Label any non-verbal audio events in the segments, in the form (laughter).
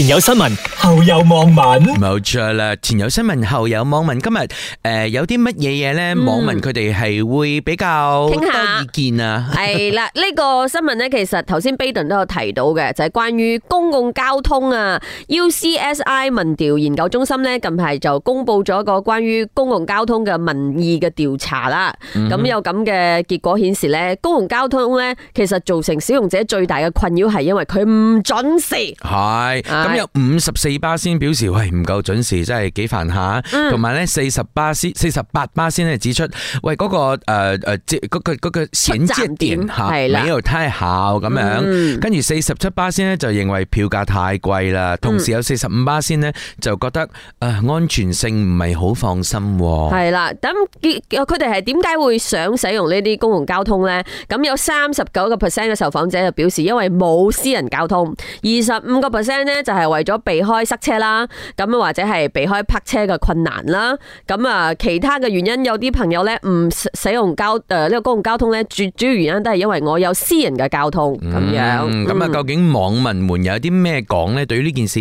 前有新聞，後有網民，冇錯啦。前有新聞，後有網民。今日誒，有啲乜嘢嘢咧？網民佢哋係會比較傾下意見啊。係啦，呢個新聞咧，其實頭先貝頓都有提到嘅，就係關於公共交通啊。UCSI 民調研究中心咧，近排就公布咗一個關於公共交通嘅民意嘅調查啦。咁有咁嘅結果顯示咧，公共交通咧，其實造成使用者最大嘅困擾係因為佢唔準時。係。咁有五十四巴仙表示，喂唔夠準時，真係幾煩下。同埋咧，四十八仙，四十八巴仙咧指出，喂嗰個誒誒即嗰個，嗰個選擇點係啦，呢度太考咁樣。跟住四十七巴仙咧就認為票價太貴啦。同時有四十五巴仙咧就覺得誒，安全性唔係好放心。係啦，咁佢哋係點解會想使用呢啲公共交通咧？咁有三十九個 percent 嘅受訪者就表示，因為冇私人交通，二十五個 percent 咧就係為咗避開塞車啦，咁或者係避開泊車嘅困難啦，咁啊其他嘅原因，有啲朋友咧唔使用交誒呢個公共交通咧，主主要原因都係因為我有私人嘅交通咁樣。咁啊、嗯，究竟網民們有啲咩講呢？對於呢件事，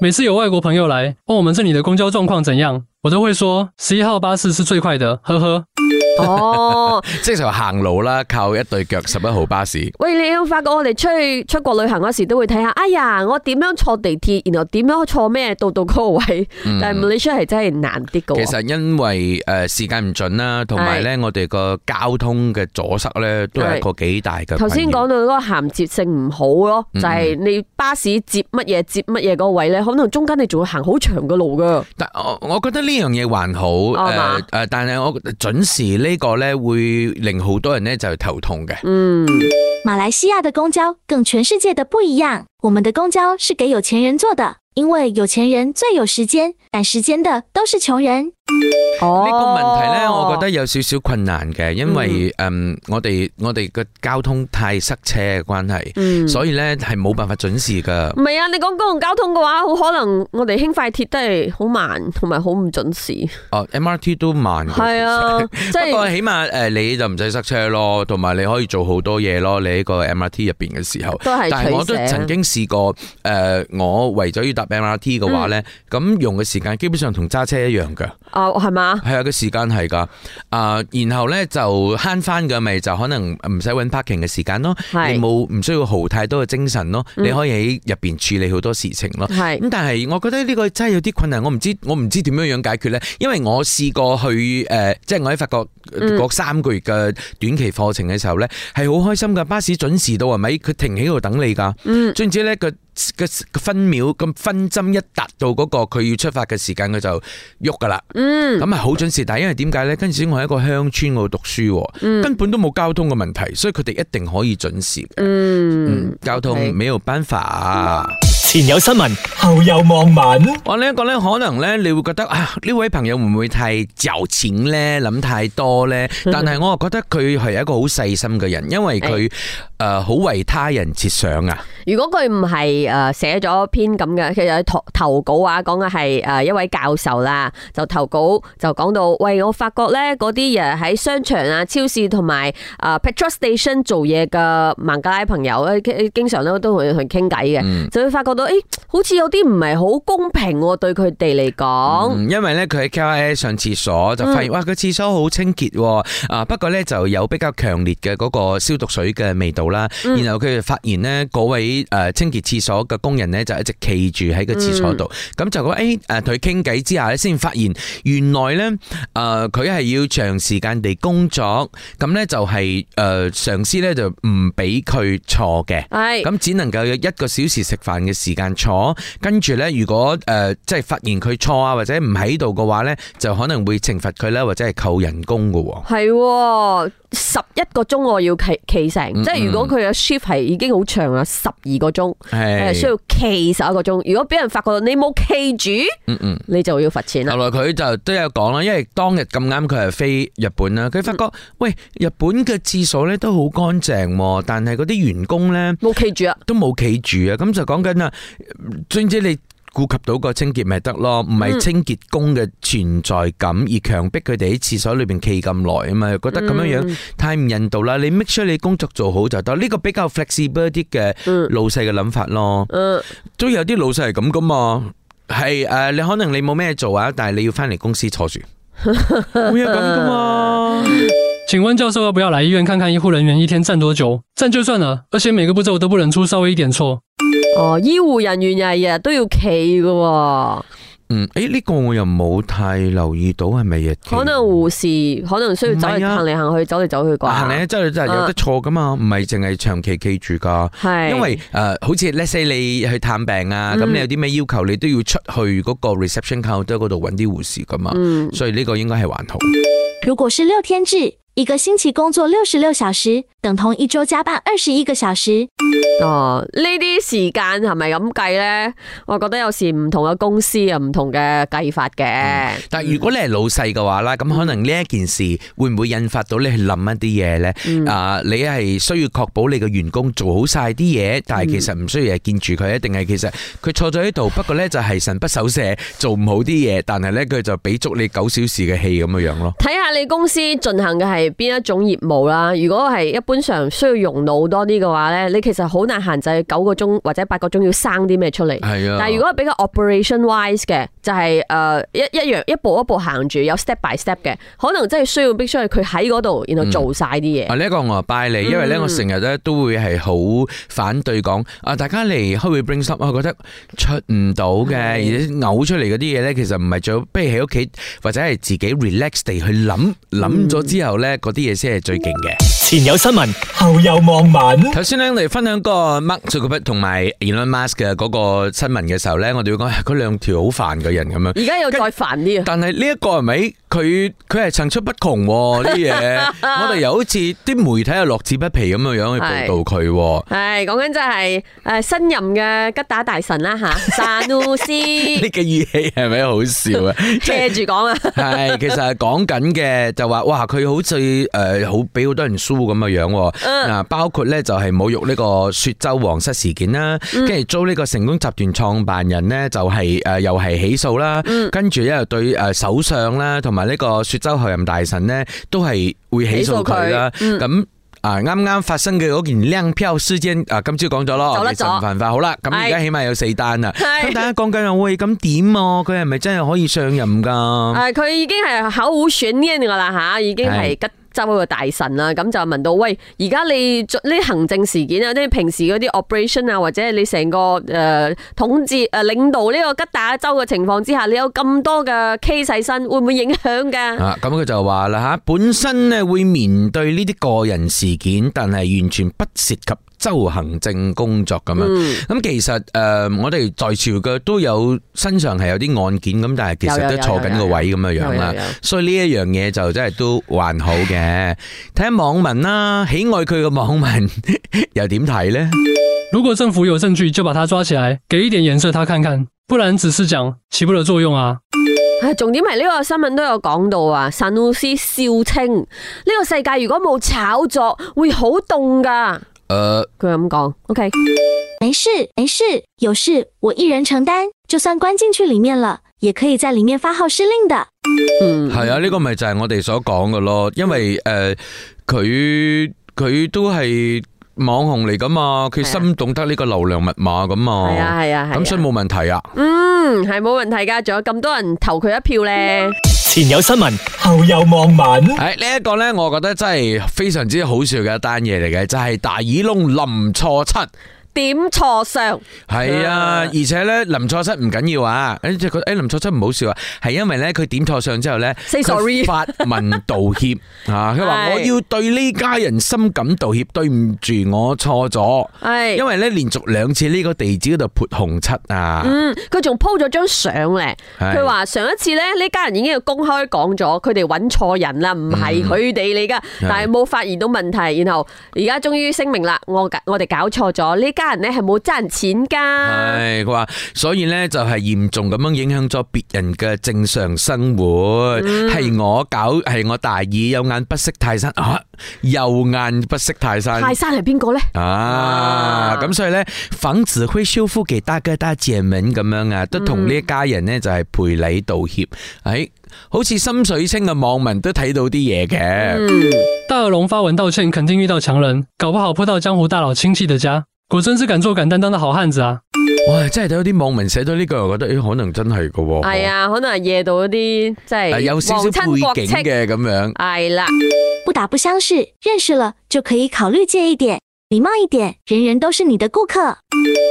每次有外國朋友來問我們這裏的公交狀況怎樣，我都會說十一號巴士是最快的，呵呵。哦， (laughs) 即係就行路啦，靠一對腳，十一號巴士。喂，你要發覺我哋出去出國旅行嗰時候都會睇下，哎呀，我點樣坐地鐵，然後點樣坐咩到到嗰個位？嗯、但係 Malaysia 係真係難啲嘅。其實因為誒時間唔準啦，同埋咧我哋個交通嘅阻塞咧，都係一個幾大嘅。頭先講到嗰個銜接性唔好咯，就係、是、你巴士接乜嘢接乜嘢個位咧，嗯、可能中間你仲會行很長的的好長嘅路噶。但我我覺得呢樣嘢還好，誒誒，但係我準時。呢個咧會令好多人咧就頭痛嘅。嗯，馬來西亞的公交跟全世界的不一樣，我們的公交是給有錢人坐的，因為有錢人最有時間，趕時間的都是窮人。呢個問題呢，我覺得有少少困難嘅，因為誒，我哋我哋個交通太塞車嘅關係，所以呢係冇辦法準時噶。唔係啊，你講公共交通嘅話，好可能我哋輕快鐵都係好慢，同埋好唔準時。哦，MRT 都慢。係啊，不過起碼誒，你就唔使塞車咯，同埋你可以做好多嘢咯。你喺個 MRT 入邊嘅時候，但係我都曾經試過誒，我為咗要搭 MRT 嘅話呢，咁用嘅時間基本上同揸車一樣噶。啊，係嘛、哦？係啊，個時間係噶。啊、呃，然後咧就慳翻嘅咪就可能唔使搵 parking 嘅時間咯，是你冇唔需要耗太多嘅精神咯。嗯、你可以喺入邊處理好多事情咯。係咁、嗯，但係我覺得呢個真係有啲困難，我唔知我唔知點樣樣解決咧。因為我試過去誒，即、呃、係、就是、我喺法國嗰三個月嘅短期課程嘅時候咧，係好、嗯、開心噶。巴士準時到係咪？佢停喺度等你噶。嗯，總之咧個分秒、咁分針一達到嗰個佢要出發嘅時間，佢就喐噶啦。嗯，咁係好準時，但係因為點解呢？跟住我喺一個鄉村嗰度讀書，嗯、根本都冇交通嘅問題，所以佢哋一定可以準時嘅。嗯，嗯，交通沒有辦法。嗯前有新聞，後有網民。我呢一個咧，可能咧你會覺得啊，呢位朋友會唔會太就錢咧，諗太多咧？但係我又覺得佢係一個好細心嘅人，因為佢誒好為他人設想啊。如果佢唔係誒寫咗篇咁嘅，其實喺投投稿啊，講嘅係誒一位教授啦，就投稿就講到，喂，我發覺咧嗰啲人喺商場啊、超市同埋啊 petrol station 做嘢嘅孟加拉朋友，誒誒，經常咧都同佢傾偈嘅，就會發覺到。誒，好似有啲唔係好公平對佢哋嚟講。嗯，因為咧佢喺 KLIA 上廁所就發現，哇，個廁所好清潔，啊，不過咧就有比較強烈嘅嗰個消毒水嘅味道啦。然後佢就發現咧，嗰位誒清潔廁所嘅工人咧就一直企住喺個廁所度。咁就講誒，誒同佢傾偈之下咧，先發現原來咧，誒佢係要長時間地工作。咁咧就係誒上司咧就唔俾佢坐嘅，係咁只能夠有一個小時食飯嘅時時間坐，跟住咧，如果誒、呃，即係發現佢錯啊，或者唔喺度嘅話咧，就可能會懲罰佢咧，或者係扣人工嘅。係哦，十一個鐘我要企企成，嗯嗯，即係如果佢嘅 shift 係已經好長啦，十二個鐘，係，需要企十一個鐘。如果俾人發覺你冇企住，嗯嗯，你就會要罰錢啦。後來佢就都有講啦，因為當日咁啱佢係飛日本啦，佢發覺、嗯、喂，日本嘅廁所咧都好乾淨，但係嗰啲員工咧冇企住啊，都冇企住啊，咁就講緊啦。總之你顧及到個清潔咪得咯，唔係清潔工嘅存在感而強迫佢哋喺廁所裏邊企咁耐啊嘛，覺得咁樣樣太唔人道啦。你 make sure 你工作做好就得，呢個比較 flexible 啲嘅老細嘅諗法咯。都有啲老細係咁噶嘛，係誒，你、呃、可能你冇咩做啊，但係你要翻嚟公司坐住，會有咁噶嘛。請問 (laughs) 教授要不要來醫院看看醫護人員一天站多久，站就算啦，而且每個步驟都不能出稍微一點錯。哦，醫護人員日日都要企嘅、啊，嗯，誒、欸，呢、這個我又冇太留意到係咪日，可能護士可能需要走嚟行嚟行去，走嚟走去啩，行嚟走嚟係、啊、有得錯噶嘛，唔係淨係長期企住噶，係是因為誒、呃，好似 Let's say 你去探病啊，咁、嗯、你有啲咩要求，你都要出去嗰個 reception counter 都喺嗰度揾啲護士噶嘛，嗯、所以呢個應該係還好。如果是六天制。一個星期工作六十六小時，等同一周加班二十一個小時。哦，這些是是這呢啲時間係咪咁計咧？我覺得有時唔同嘅公司啊，唔同嘅計法嘅、嗯。但係如果你係老細嘅話啦，咁、嗯、可能呢一件事會唔會引發到你去諗一啲嘢咧？嗯、啊，你係需要確保你嘅員工做好晒啲嘢，但係其實唔需要係見住佢，一定係其實佢坐咗呢度。 (laughs) 不過咧就係神不守舍，做唔好啲嘢，但係咧佢就俾足你九小時嘅氣咁嘅樣咯。睇下你公司進行嘅係。邊一種業務啦？如果係一般上需要用腦多啲嘅話咧，你其實好難限制九個鐘或者八個鐘要生啲咩出嚟。係啊。但係如果比較 operation wise 嘅，就係、是、誒、呃、一一樣一步一步行住，有 step by step 嘅，可能真係需要必須係佢喺度，然後做晒啲嘢。啊，呢、這個我拜你，因為咧我成日咧都會係好反對講、嗯、啊，大家嚟開會 bring up m 我覺得出唔到嘅，嗯、而且嘔出嚟啲嘢咧，其實唔係最好，不如喺屋企或者係自己 relax 地去諗諗咗之後咧。嗯嗰啲嘢先係最勁嘅，前有新聞，後有網民。頭先咧，我哋分享個 Mark Zuckerberg 同埋 Elon Musk 嘅嗰個新聞嘅時候咧，我哋會講嗰兩條好煩嘅人咁樣。而家又再煩啲啊！但係呢一個係咪？佢佢係層出不窮啲嘢，我哋又好似啲媒體係樂此不疲咁嘅樣去報道佢。係講緊真係誒新任嘅吉打大臣啦吓，薩努斯。呢個語氣係咪好笑啊？遮住講啊。係，其實係講緊嘅就話，哇！佢好似誒好俾好多人輸咁嘅樣，啊，包括咧就係侮辱呢個雪州皇室事件啦，跟住租呢個成功集團創辦人咧就係誒又係起訴啦，跟住咧又對誒首相啦，同埋。呢個雪州候任大臣咧，都係會起訴佢啦。咁啊，啱啱發生嘅嗰件靚票事件啊，今朝講咗咯，有啦，犯法。得好啦，咁而家起碼有四單啦。咁大家講緊啊，喂，咁點、啊？佢係咪真係可以上任噶？啊，佢已經係毫無懸念噶啦吓，已經係吉。哎州嗰個大臣啦，咁就問到喂，而家你呢行政事件啊，即係平時嗰啲 operation 啊，或者係你成個誒統治誒領導呢個吉打州嘅情況之下，你有咁多嘅 case 喺身，會唔會影響噶？啊，咁佢就話啦吓，本身咧會面對呢啲個人事件，但係完全不涉及。州行政工作咁樣，嗯嗯，咁、嗯、其實誒，我哋在朝嘅都有身上係有啲案件咁，但係其實都坐緊個位咁嘅樣啦。所以呢一樣嘢就真係都還好嘅。睇下網民啦，喜愛佢嘅網民 (laughs) 又點睇呢？如果政府有證據，就把他抓起來，給一點顏色他看看，不然只是講起不了作用啊。誒，重點係呢個新聞都有講到啊，神老師笑稱呢個世界如果冇炒作，會好凍噶。誒，佢係咁講，OK，沒事，沒事，有事我一人承擔，就算關進去裏面了，也可以在裏面發號施令的。嗯，係啊，呢個咪就係我哋所講嘅咯，因為誒，佢、呃、佢都係。網紅嚟噶嘛？佢心懂得呢個流量密碼咁嘛。係啊係啊，咁所以冇問題啊。嗯，係冇問題噶，仲有咁多人投佢一票咧。前有新聞，後有網民。誒、哎，呢、這、一個咧，我覺得真係非常之好笑嘅一單嘢嚟嘅，就係、是、大耳窿林錯七。點錯相係啊，而且咧，林錯失唔緊要啊，誒即係誒林錯失唔好笑啊，係因為咧佢點錯相之後咧，Say sorry 發文道歉 (laughs) 啊，佢話我要對呢家人深感道歉，對唔住我錯咗，係是因為咧連續兩次呢個地址嗰度潑紅漆啊，嗯，佢仲 po 咗張相咧，佢話是上一次咧呢家人已經要公開講咗，佢哋揾錯人啦，唔係佢哋嚟噶，是但係冇發現到問題，然後而家終於聲明啦，我我哋搞錯咗呢家。家人咧係冇爭人錢噶，係佢話，所以呢就係嚴重咁樣影響咗別人嘅正常生活，係、嗯、我搞，係我大意，有眼不識泰山啊，右眼不識泰山，泰山係邊個呢？啊，咁、啊啊、所以呢，粉子灰修夫給大哥大姐們咁樣啊，都同呢一家人呢就係賠禮道歉，誒、嗯哎，好似心水清嘅網民都睇到啲嘢嘅，大耳窿發文道歉，肯定遇到強人，搞不好撲到江湖大佬親戚嘅家。果真是敢做敢擔當的好漢子啊！哇，真係睇到啲網民寫到呢句，我覺得誒，可能真係噶。係啊，可能係夜到嗰啲，真係有少少背景嘅咁樣。係啦，不打不相識，認識了就可以考慮借一點。禮貌一點，人人都是你的顧客。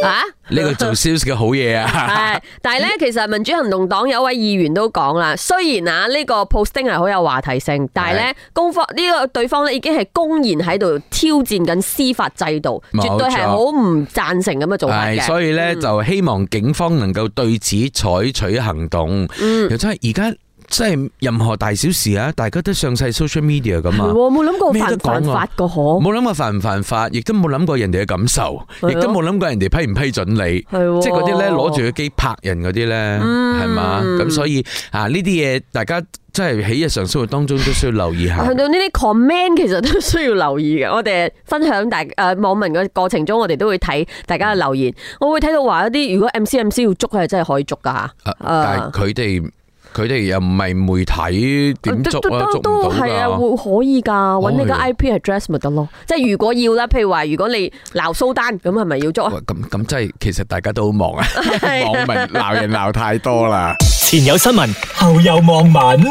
啊，呢個做 sales 嘅好嘢啊！係，但係咧，其實民主行動黨有位議員都講啦，雖然啊呢個 posting 係好有話題性，但係咧，是公方呢個對方咧已經係公然喺度挑戰緊司法制度，了絕對係好唔贊成咁嘅做法。所以咧，嗯、就希望警方能夠對此採取行動。嗯，又真係而家。即係任何大小事啊，大家都上晒 social media 咁啊，冇諗過犯法個可，冇諗過犯唔犯法，亦都冇諗過人哋嘅感受，亦都冇諗過人哋批唔批准你，哦、即係嗰啲咧攞住個機拍人嗰啲咧，係嘛？咁所以啊，呢啲嘢大家即係喺日常生活當中都需要留意下。去到呢啲 comment 其實都需要留意嘅。我哋分享大家網民嘅過程中，我哋都會睇大家嘅留言，我會睇到話一啲如果 M C M C 要捉佢，真係可以捉噶吓，啊啊、但係佢哋。佢哋又唔係媒體點捉啊？都都係啊，會可以噶，揾你個 IP address 咪得咯。即係的如果要啦，譬如話，如果你鬧蘇丹，咁係咪要捉啊？咁咁真係，其實大家都好忙啊，是的 網民鬧人鬧太多啦。 (laughs) 前有新聞，後有網民。